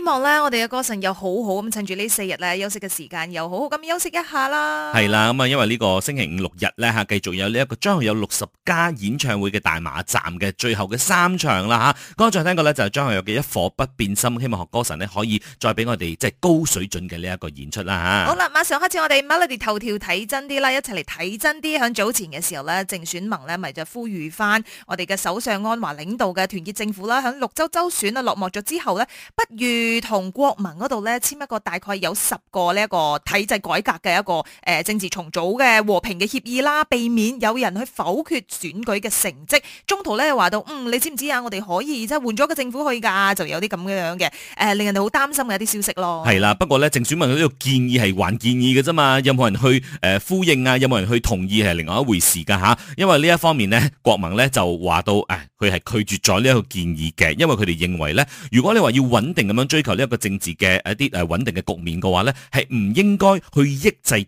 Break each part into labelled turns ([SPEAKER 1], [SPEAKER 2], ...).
[SPEAKER 1] 希望呢，我哋嘅歌神又好好咁趁住呢四日呢休息嘅時間，又好好咁休息一下啦。
[SPEAKER 2] 係啦，咁啊，因為呢個星期五六日呢，吓，繼續有呢一個張學友六十加演唱會嘅大馬站嘅最後嘅三場啦吓。剛、啊、才聽過呢，就係張學友嘅一顆不變心，希望學歌神呢可以再俾我哋即係高水準嘅呢一個演出啦吓。好啦，
[SPEAKER 1] 馬上開始我哋 MELODY 頭條睇真啲啦，一齊嚟睇真啲。響早前嘅時候呢，淨選盟呢咪就呼籲翻我哋嘅首相安華領導嘅團結政府啦，響六州州選啊落幕咗之後呢，不如。同國民嗰度咧簽一個大概有十個呢一個體制改革嘅一個誒政治重組嘅和平嘅協議啦，避免有人去否決選舉嘅成績。中途咧話到，嗯，你知唔知啊？我哋可以即係換咗個政府去㗎，就有啲咁嘅樣嘅誒，令人哋好擔心嘅一啲消息咯。
[SPEAKER 2] 係啦，不過咧，政綱文佢呢個建議係還建議嘅啫嘛，有冇人去誒呼應啊？有冇人去同意係另外一回事㗎嚇。因為呢一方面咧，國民咧就話到誒，佢係拒絕咗呢一個建議嘅，因為佢哋認為咧，如果你話要穩定咁樣追。追求呢一個政治嘅一啲誒穩定嘅局面嘅話咧，係唔應該去抑制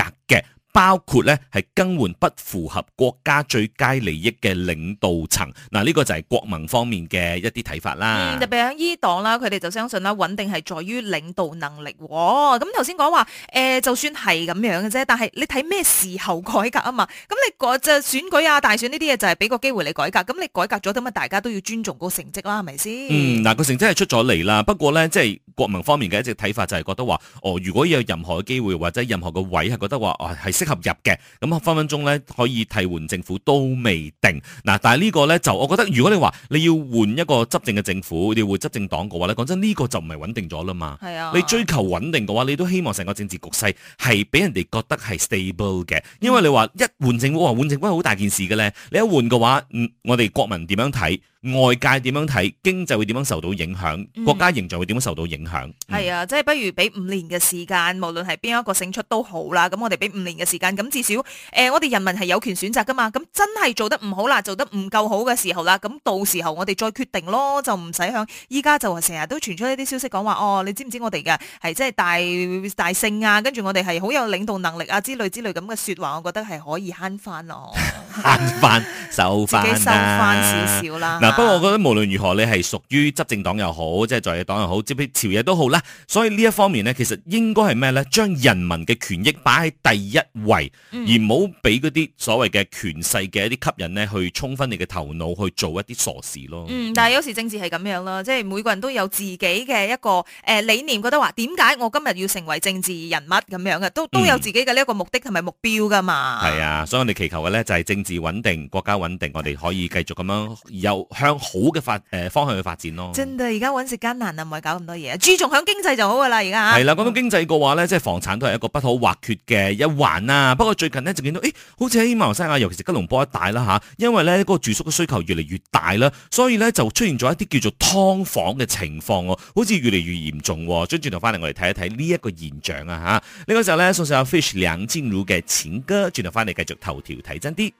[SPEAKER 2] 改革嘅。包括咧，係更換不符合國家最佳利益嘅領導層。嗱，呢個就係國盟方面嘅一啲睇法啦。嗯、特
[SPEAKER 1] 別喺伊黨啦，佢哋就相信啦，穩定係在於領導能力。咁頭先講話誒，就算係咁樣嘅啫，但係你睇咩時候改革啊嘛？咁你就選舉啊、大選呢啲嘢就係俾個機會你改革。咁你改革咗，咁啊，大家都要尊重個成績啦，係咪先？嗯，
[SPEAKER 2] 嗱、那，個成績係出咗嚟啦。不過咧，即係。國民方面嘅一直睇法就係覺得話，哦，如果有任何嘅機會或者任何個位係覺得話，啊、哦，係適合入嘅，咁分分鐘咧可以替換政府都未定。嗱、啊，但係呢個咧就，我覺得如果你話你要換一個執政嘅政府，你要換執政黨嘅話咧，講真呢個就唔係穩定咗啦嘛。係啊，你追求穩定嘅話，你都希望成個政治局勢係俾人哋覺得係 stable 嘅，因為你話一換政府，換政府係好大件事嘅咧，你一換嘅話，嗯，我哋國民點樣睇？外界點樣睇經濟會點樣受到影響，嗯、國家形象會點樣受到影響？
[SPEAKER 1] 係、嗯、啊，即、就、係、是、不如俾五年嘅時間，無論係邊一個勝出都好啦。咁我哋俾五年嘅時間，咁至少誒、呃，我哋人民係有權選擇噶嘛。咁真係做得唔好啦，做得唔夠好嘅時候啦，咁到時候我哋再決定咯，就唔使向依家就成日都傳出一啲消息講話。哦，你知唔知我哋嘅係即係大大勝啊？跟住我哋係好有領導能力啊之類之類咁嘅説話，我覺得係可以慳翻咯，
[SPEAKER 2] 慳 翻收翻收翻少少啦。不過我覺得無論如何，你係屬於執政黨又好，即係在野黨又好，即係朝野都好啦。所以呢一方面呢，其實應該係咩呢？將人民嘅權益擺喺第一位，而唔好俾嗰啲所謂嘅權勢嘅一啲吸引呢，去沖昏你嘅頭腦去做一啲傻事咯。嗯，
[SPEAKER 1] 但係有時政治係咁樣咯，即係每個人都有自己嘅一個誒理念，覺得話點解我今日要成為政治人物咁樣嘅，都都有自己嘅呢一個目的同埋目標㗎嘛。係
[SPEAKER 2] 啊，所以我哋祈求嘅呢就係政治穩定、國家穩定，我哋可以繼續咁樣有向好嘅發誒、呃、方向去發展咯，真
[SPEAKER 1] 嘅，而家揾食艱難啊，唔係搞咁多嘢，注重響經濟就好噶啦，而家。係、嗯、
[SPEAKER 2] 啦，講到經濟嘅話咧，即係房產都係一個不可或缺嘅一環啊。不過最近呢，就見到，誒、欸，好似喺馬來西亞，尤其是吉隆坡一帶啦嚇，因為咧嗰個住宿嘅需求越嚟越大啦，所以咧就出現咗一啲叫做劏房嘅情況喎，好似越嚟越嚴重喎。轉頭翻嚟我哋睇一睇呢一個現象啊嚇。呢、這個時候咧，送上阿 Fish 兩千盧嘅錢哥，轉頭翻嚟繼續頭條睇真啲。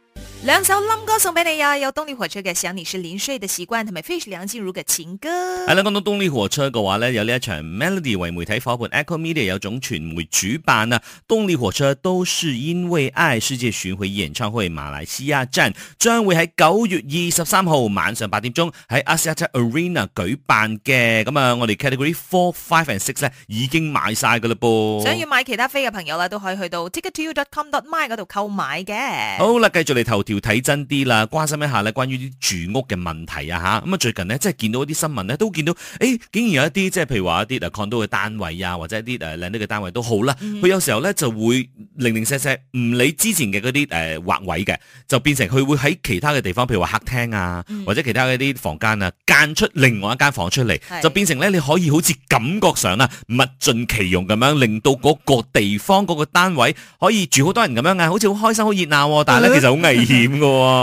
[SPEAKER 1] 兩 首冧歌送俾你啊！有動力火車嘅《想你是臨睡的習慣》，同埋 Fish 梁靜茹嘅情歌。
[SPEAKER 2] 講到動力火車嘅話咧，有呢一場 Melody 為媒體伙伴 Echo Media 有種傳媒主辦啊。動力火車都是因為愛世界巡迴演唱會馬來西亞站，將會喺九月二十三號晚上八點鐘喺 Axiata Arena 舉辦嘅。咁、嗯、啊、嗯，我哋 Category Four、Five and Six 咧已經買晒噶啦噃。想要
[SPEAKER 1] 買其他飛嘅朋友咧，都可以去到 ticket2u.com.my 度購買嘅。
[SPEAKER 2] 好啦，繼續嚟投。要睇真啲啦，關心一下咧，關於啲住屋嘅問題啊嚇。咁啊，最近呢，即係見到一啲新聞咧，都見到，誒、欸，竟然有一啲即係譬如話一啲誒 condo 嘅單位啊，或者一啲誒靚啲嘅單位都好啦。佢、嗯、有時候咧就會零零舍舍唔理之前嘅嗰啲誒劃位嘅，就變成佢會喺其他嘅地方，譬如話客廳啊、嗯，或者其他一啲房間啊，間出另外一間房出嚟，就變成咧你可以好似感覺上啊物盡其用咁樣，令到嗰個地方嗰、嗰個單位可以住好多人咁樣，像很很啊，好似好開心好熱鬧，但係咧其實好危險。 點嘅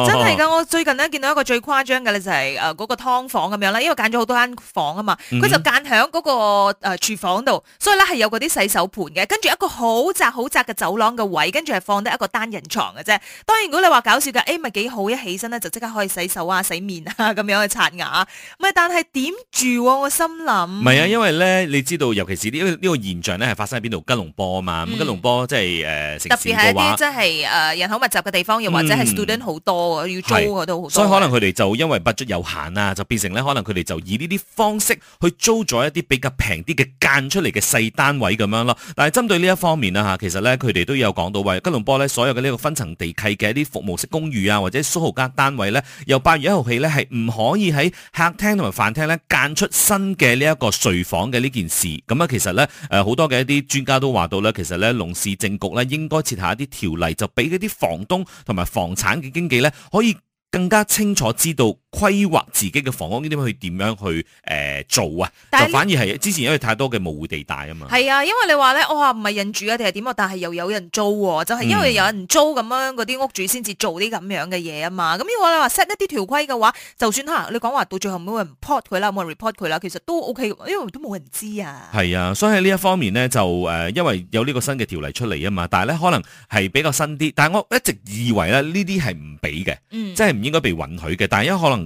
[SPEAKER 2] 真係
[SPEAKER 1] 㗎！我最近咧見到一個最誇張嘅咧就係誒嗰個湯房咁樣啦。因為揀咗好多間房啊嘛，佢、mm-hmm. 就間喺嗰個誒、呃、廚房度，所以咧係有嗰啲洗手盤嘅，跟住一個好窄好窄嘅走廊嘅位，跟住係放得一個單人床嘅啫。當然如果你話搞笑嘅，誒咪幾好，一起身咧就即刻可以洗手啊、洗面啊咁樣去刷牙。唔係、啊，但係點住我心諗？唔係啊，因為
[SPEAKER 2] 咧你知道，尤其是呢、這、呢、個、個現象咧係發生喺邊度？吉隆坡啊嘛，咁、嗯、吉隆坡即係誒城市嘅話，特別係一啲即
[SPEAKER 1] 係誒人口密集嘅地方，又或者係、嗯。好多㗎，要租嘅都好多，所以可能
[SPEAKER 2] 佢哋就因為不足有限啊，就變成咧，可能佢哋就以呢啲方式去租咗一啲比較平啲嘅間出嚟嘅細單位咁樣咯。但係針對呢一方面啦嚇，其實咧佢哋都有講到，話吉隆坡咧所有嘅呢個分層地契嘅一啲服務式公寓啊，或者蘇豪家單位咧，由八月一號起咧係唔可以喺客廳同埋飯廳咧間出新嘅呢一個睡房嘅呢件事。咁啊，其實咧誒好多嘅一啲專家都話到咧，其實咧隆市政局咧應該設下一啲條例，就俾嗰啲房東同埋房產。嘅經紀咧，可以更加清楚知道。規劃自己嘅房屋呢啲去點樣去誒做啊？就反而係之前因為太多嘅模糊地帶啊嘛。係
[SPEAKER 1] 啊，因為你話咧，我話唔係人住啊，定係點啊？但係又有人租，啊，就係、是、因為有人租咁、嗯、樣嗰啲屋主先至做啲咁樣嘅嘢啊嘛。咁如果你話 set 一啲條規嘅話，就算吓、啊、你講話到最後冇人 report 佢啦，冇人 report 佢啦，其實都 ok，因為都冇人
[SPEAKER 2] 知道啊。係啊，所以喺呢一方面咧，就誒、呃，因為有呢個新嘅條例出嚟啊嘛。但係咧，可能係比較新啲。但係我一直以為咧，呢啲係唔俾嘅，即係唔應該被允許嘅。但係因為可能。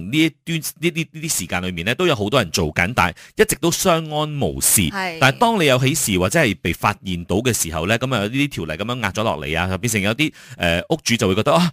[SPEAKER 2] 呢一段呢啲呢啲時間裏面咧，都有好多人做緊，但係一直都相安無事。係，但係當你有喜事或者係被發現到嘅時候咧，咁啊呢啲條例咁樣壓咗落嚟啊，就變成有啲誒、呃、屋主就會覺得啊。哦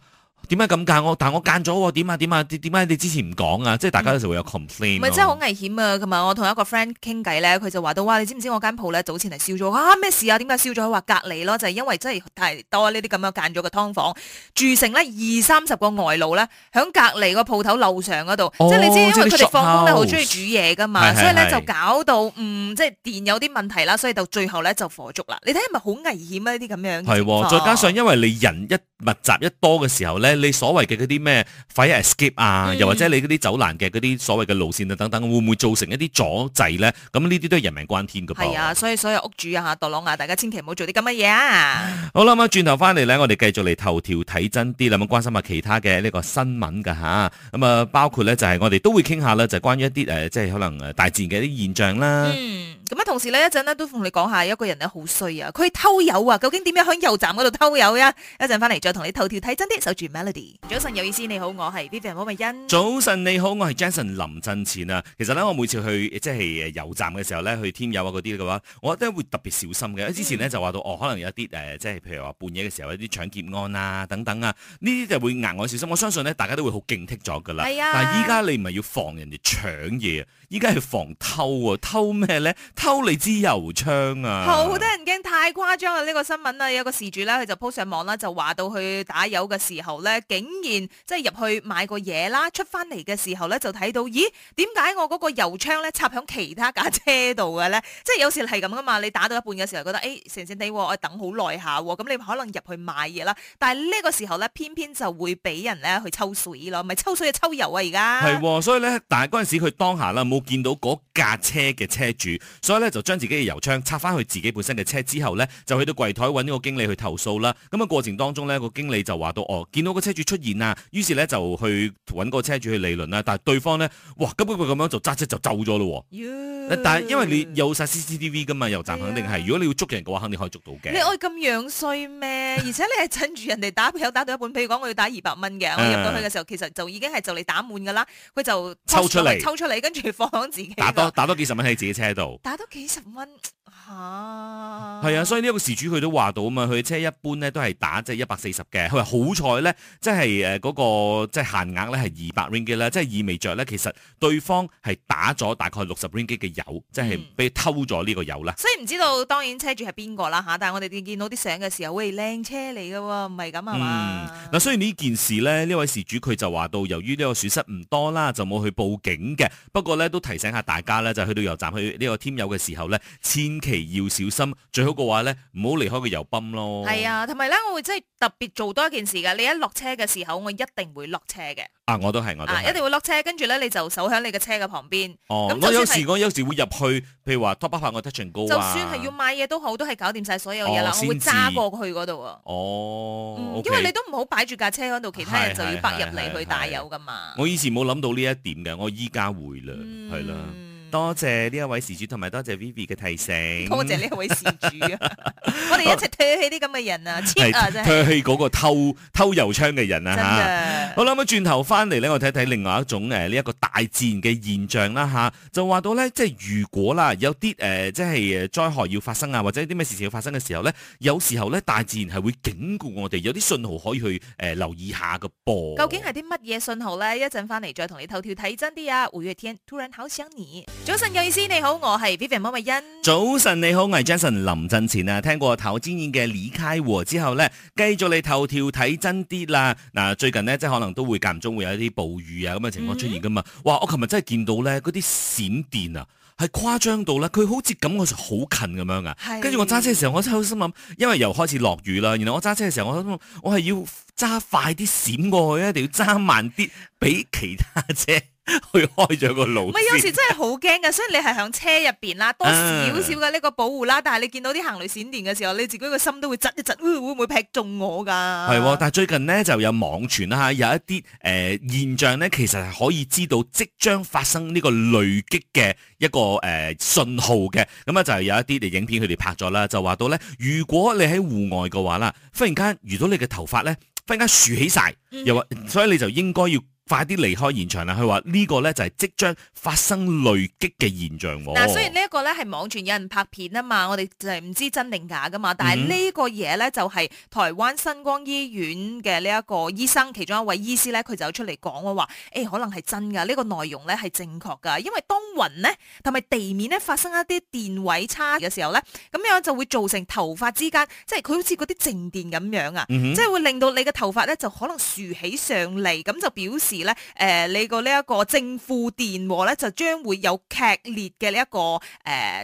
[SPEAKER 2] 點解咁間我？但我間咗點啊點啊點，點解你之前唔講啊？即係大家有時會有 complain、嗯。唔係真係好
[SPEAKER 1] 危險啊！同埋我同一個 friend 傾偈咧，佢就話到哇，你知唔知我間鋪咧早前係燒咗啊？咩事啊？點解燒咗？佢話隔籬咯，就係、是、因為真係太多呢啲咁樣間咗嘅劏房住成咧二三十個外勞咧，喺隔籬個鋪頭樓上嗰度，哦。即係你知因為佢哋放工咧好中意煮嘢噶嘛，所以咧就搞到嗯，即係電有啲問題啦，所以就最後咧就火燭啦。你睇係咪好危險啊？呢啲咁樣係、哦、再加上
[SPEAKER 2] 因為你人一。密集一多嘅時候咧，你所謂嘅嗰啲咩 fire escape 啊、嗯，又或者你嗰啲走欄嘅嗰啲所謂嘅路線啊，等等，會唔會造成一啲阻滯咧？咁呢啲都係人命關天噶噃。係啊，
[SPEAKER 1] 所以所有屋主啊吓，墮啊，大家千祈唔好做啲咁嘅嘢
[SPEAKER 2] 啊！好啦，咁啊，轉頭翻嚟咧，我哋繼續嚟頭條睇真啲啦，咁關心下其他嘅呢個新聞噶吓，咁啊，包括咧就係我哋都會傾下啦，就關於一啲誒，即係可能誒大自然嘅一啲現象啦。
[SPEAKER 1] 咁、嗯、啊，同時咧一陣呢，都同你講下一個人咧好衰啊，佢偷油啊，究竟點樣響油站嗰度偷油啊？一陣翻嚟再就同你頭條睇真啲，守住 Melody。早晨有意思，你好，我係 Vivian 歐美欣。
[SPEAKER 2] 早晨你好，我係 Jason 林振前啊。其實咧，我每次去即係誒油站嘅時候咧，去添油啊嗰啲嘅話，我覺得會特別小心嘅、嗯。之前咧就話到哦，可能有一啲誒、呃，即係譬如話半夜嘅時候一啲搶劫案啊等等啊，呢啲就會額外小心。我相信咧，大家都會好警惕咗噶啦。係啊。但係依家你唔係要防人哋搶嘢，依家係防偷喎、啊。偷咩咧？偷你支油槍啊！好
[SPEAKER 1] 多人驚，太誇張啊。呢、這個新聞啊，有個事主咧，佢就 po 上網啦，就話到去打油嘅時候咧，竟然即係入去買個嘢啦，出翻嚟嘅時候咧就睇到，咦？點解我嗰個油槍咧插響其他架車度嘅咧？即係有時係咁噶嘛，你打到一半嘅時候覺得誒，成你地，我等好耐下，咁你可能入去買嘢啦，但係呢個時候咧，偏偏就會俾人咧去抽水咯，咪抽水嘅抽油啊！而家係，
[SPEAKER 2] 所以咧，但係嗰陣時佢當下啦冇見到嗰架車嘅車主，所以咧就將自己嘅油槍插翻去自己本身嘅車之後咧，就去到櫃台揾呢個經理去投訴啦。咁啊過程當中咧。個經理就話到哦，見到個車主出現啊，於是咧就去搵個車主去理論啦。但係對方咧，哇，根本佢咁樣就揸車就走咗咯。Yeah. 但係因為你有晒 CCTV 噶嘛，油站肯定係。Yeah. 如果你要捉人嘅話，肯定可以捉到嘅。你
[SPEAKER 1] 可以咁樣衰咩？ 而且你係趁住人哋打有打到一半，譬如講我要打二百蚊嘅，我入到去嘅時候， 其實就已經係就嚟打滿噶啦。佢就抽出嚟，抽出嚟，跟住放自己。打多
[SPEAKER 2] 打多幾十蚊喺自己車度，
[SPEAKER 1] 打多幾十蚊吓。係啊, 啊，
[SPEAKER 2] 所以呢個事主佢都話到啊嘛，佢車一般咧都係打即係一百四。嘅佢話好彩咧，即係誒嗰個即係限額咧係二百 ringgit 啦，即係意味着咧其實對方係打咗大概六十 ringgit 嘅油，嗯、即係俾偷咗呢個油啦。所
[SPEAKER 1] 以唔知道當然車主係邊個啦嚇，但係我哋見到啲相嘅時候，喂靚車嚟嘅喎，唔係咁啊嘛。
[SPEAKER 2] 嗱、嗯，雖然呢件事咧，呢位事主佢就話到，由於呢個損失唔多啦，就冇去報警嘅。不過咧都提醒下大家咧，就去到油站去呢個添油嘅時候咧，千祈要小心，最好嘅話咧唔好離開個油泵咯。係
[SPEAKER 1] 啊，同埋咧，我會真係特別。做多一件事噶，你一落車嘅時候，我一定會落車嘅。
[SPEAKER 2] 啊，我都係，我都係，啊，一
[SPEAKER 1] 定會落車。跟住咧，你就守喺你嘅車嘅旁邊。
[SPEAKER 2] 哦，我有時我有時會入去，譬如話 top up 我張 Touch 'n Go 啊。就算係要
[SPEAKER 1] 買嘢都好，都係搞掂晒所有嘢啦，哦，我會揸過去嗰度啊。
[SPEAKER 2] 哦，嗯 okay，因為你都
[SPEAKER 1] 唔好擺住架車喺度，其他人就要迫入嚟去打油噶嘛是是是是是
[SPEAKER 2] 是我以前冇諗到呢一點嘅，我依家會喇，嗯，啦，係啦。多謝呢一位事主同埋多謝 Vivi 嘅提醒。多謝呢位事
[SPEAKER 1] 主， 我哋一齊推起啲咁嘅人啊，黐啊啫、真係。推踢起
[SPEAKER 2] 嗰個偷偷油槍嘅人啊吓！好啦，咁啊轉頭翻嚟咧，我睇睇另外一種誒呢一個大自然嘅現象啦吓，就話到咧，即係如果啦有啲誒即係誒災害要發生啊，或者啲咩事情要發生嘅時候咧，有時候咧大自然係會警告我哋有啲信號可以去誒留意一下嘅噃。究
[SPEAKER 1] 竟係啲乜嘢信號咧？一陣翻嚟再同你頭條睇真啲啊！五月天突然好想你。早晨，嘅意思，你好，我係 Vivian 馬慧欣。
[SPEAKER 2] 早晨，你好，我係 Jason。林振前啊，聽過頭先演嘅李楷和之後咧，繼續你頭條睇真啲啦。嗱、啊，最近呢，即係可能都會間中會有一啲暴雨啊咁嘅情況出現噶嘛。Mm-hmm. 哇，我琴日真係見到咧，嗰啲閃電啊，係誇張到啦，佢好似感覺好近咁樣噶。跟住我揸車嘅時候，我真係好心諗，因為又開始落雨啦。原來我揸車嘅時候，我諗我係要揸快啲閃過去，一定要揸慢啲俾其他車。 去開咗個路，咪有時真
[SPEAKER 1] 係好驚㗎，雖然你係響車入邊啦，多少少嘅呢個保護啦。啊、但係你見到啲行雷閃電嘅時候，你自己個心都會窒一窒，會唔會劈中我噶？係，但
[SPEAKER 2] 係最近呢，就有網傳啦，吓有一啲誒、呃、現象咧，其實係可以知道即將發生呢個雷擊嘅一個誒、呃、信號嘅。咁啊，就有一啲嘅影片，佢哋拍咗啦，就話到咧，如果你喺戶外嘅話啦，忽然間遇到你嘅頭髮咧，忽然間豎起晒，又話，所以你就應該要。快啲離開現場啦！佢話呢個咧就係即將發生雷擊嘅現象。嗱，雖然
[SPEAKER 1] 呢一個咧係網傳有人拍片啊嘛，我哋就係唔知真定假噶嘛。但係呢個嘢咧就係台灣新光醫院嘅呢一個醫生其中一位醫師咧，佢就出嚟講話，誒、欸、可能係真㗎，呢、這個內容咧係正確㗎。因為當雲咧同埋地面咧發生一啲電位差嘅時候咧，咁樣就會造成頭髮之間，即係佢好似嗰啲靜電咁樣啊、嗯，即係會令到你嘅頭髮咧就可能豎起上嚟，咁就表示。咧，誒你個呢一個正負電荷咧，就將會有劇烈嘅呢一個誒，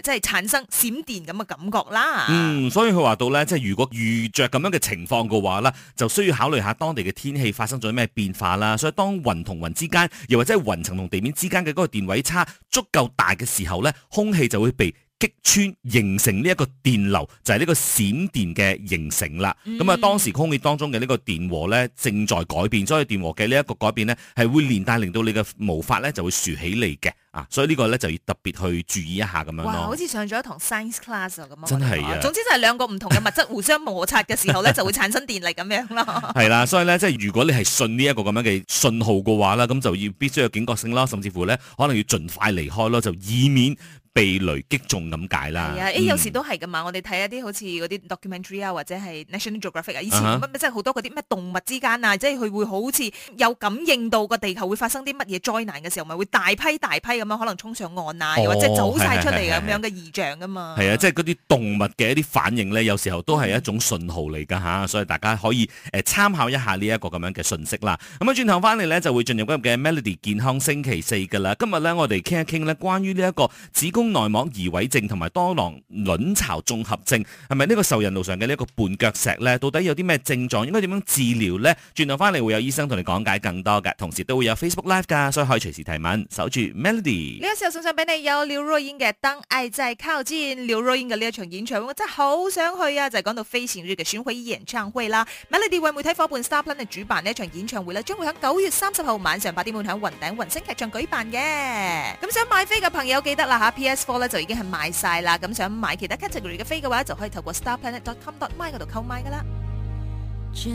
[SPEAKER 1] 即係產生閃電咁嘅感覺啦。嗯，
[SPEAKER 2] 所以佢話到咧，即係如果遇着咁樣嘅情況嘅話啦，就需要考慮下當地嘅天氣發生咗咩變化啦。所以當雲同雲之間，又或者係雲層同地面之間嘅嗰個電位差足夠大嘅時候咧，空氣就會被擊穿形成呢一個電流，就係、是、呢個閃電嘅形成啦。咁、嗯、啊，當時空氣當中嘅呢個電荷咧正在改變，所以電荷嘅呢一個改變咧係會連帶令到你嘅毛髮咧就會豎起嚟嘅啊。所以呢個咧就要特別去注意一下咁樣咯。哇，好似
[SPEAKER 1] 上咗一堂 science class 咁啊！真係啊，總之就係兩個唔同嘅物質互相摩擦嘅時候咧，就會產生電力咁樣咯。係
[SPEAKER 2] 啦， 所以咧即係如果你係信呢一個咁樣嘅信號嘅話啦，咁就要必須有警覺性啦，甚至乎咧可能要盡快離開咯，就以免。被雷擊中咁解啦。係啊，誒、欸、有時都
[SPEAKER 1] 係噶嘛。我哋睇一啲好似嗰啲 documentary 啊，或者係 National Geographic 啊，以前即係好多嗰啲咩動物之間啊，uh-huh. 即係佢會好似有感應到個地球會發生啲乜嘢災難嘅時候，咪會大批大批咁樣可能衝上岸啊，又、oh, 或者走晒出嚟嘅咁樣嘅異象啊嘛。係啊，
[SPEAKER 2] 即係嗰啲動物嘅一啲反應咧，有時候都係一種信號嚟㗎吓。所以大家可以誒、呃、參考一下呢一個咁樣嘅信息啦。咁啊轉頭翻嚟咧，就會進入今日嘅 Melody 健康星期四㗎啦。今日咧我哋傾一傾咧，關於呢一個子宮內膜移位症同埋多囊卵巢綜合症，係咪呢個受孕路上嘅呢一個絆腳石咧？到底有啲咩症狀？應該點樣治療呢？轉頭翻嚟會有醫生同你講解更多嘅，同時都會有 Facebook Live 噶，所以可以隨時提問。守住 Melody
[SPEAKER 1] 呢、這個時候送上俾你有劉若英嘅《當愛在靠近》，劉若英嘅呢一場演唱會，我真係好想去啊！就係、是、講到飛翔樂嘅選舉演唱會啦，Melody 為媒體伙伴 Starplan 嚟主辦呢場演唱會咧，將會喺九月三十號晚上八點半喺雲頂雲星劇場舉辦嘅。咁想買飛嘅朋友記得啦嚇。S4 咧就已經係賣晒啦，咁想買其他 category 嘅飛嘅話，就可以透過 StarPlanet.com.my 嗰度購買噶啦。